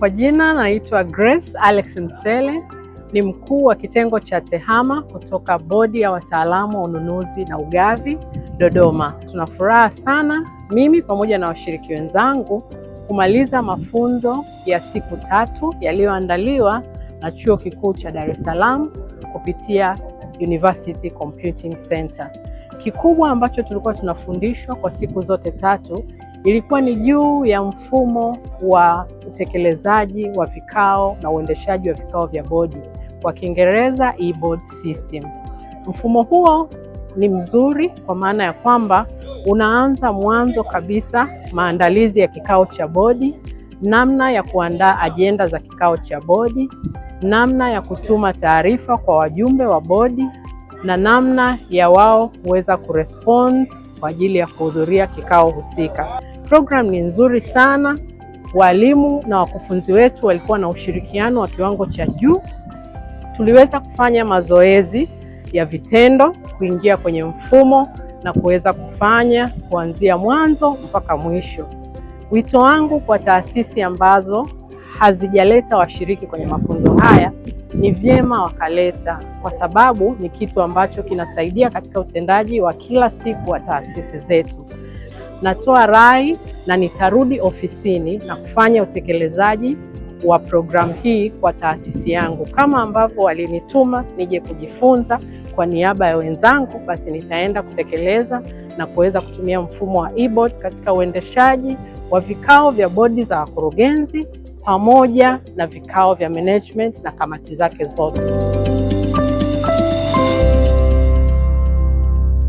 Kwa jina naitwa Grace Alex Msele, ni mkuu wa kitengo cha TEHAMA kutoka bodi ya wataalamu wa ununuzi na ugavi Dodoma. Tuna furaha sana mimi pamoja na washiriki wenzangu kumaliza mafunzo ya siku tatu yaliyoandaliwa na Chuo Kikuu cha Dar es Salaam kupitia University Computing Center. Kikubwa ambacho tulikuwa tunafundishwa kwa siku zote tatu ilikuwa ni juu ya mfumo wa utekelezaji wa vikao na uendeshaji wa vikao vya bodi, kwa Kiingereza e-board system. Mfumo huo ni mzuri kwa maana ya kwamba unaanza mwanzo kabisa maandalizi ya kikao cha bodi, namna ya kuandaa ajenda za kikao cha bodi, namna ya kutuma taarifa kwa wajumbe wa bodi na namna ya wao kuweza kurespond kwa ajili ya kuhudhuria kikao husika. Program ni nzuri sana, walimu na wakufunzi wetu walikuwa na ushirikiano wa kiwango cha juu. Tuliweza kufanya mazoezi ya vitendo, kuingia kwenye mfumo na kuweza kufanya kuanzia mwanzo mpaka mwisho. Wito wangu kwa taasisi ambazo hazijaleta washiriki kwenye mafunzo haya ni vyema wakaleta, kwa sababu ni kitu ambacho kinasaidia katika utendaji wa kila siku wa taasisi zetu. Natoa rai na nitarudi ofisini na kufanya utekelezaji wa programu hii kwa taasisi yangu kama ambavyo walinituma nije kujifunza kwa niaba ya wenzangu, basi nitaenda kutekeleza na kuweza kutumia mfumo wa e-board katika uendeshaji wa vikao vya bodi za wakurugenzi pamoja na vikao vya management na kamati zake zote.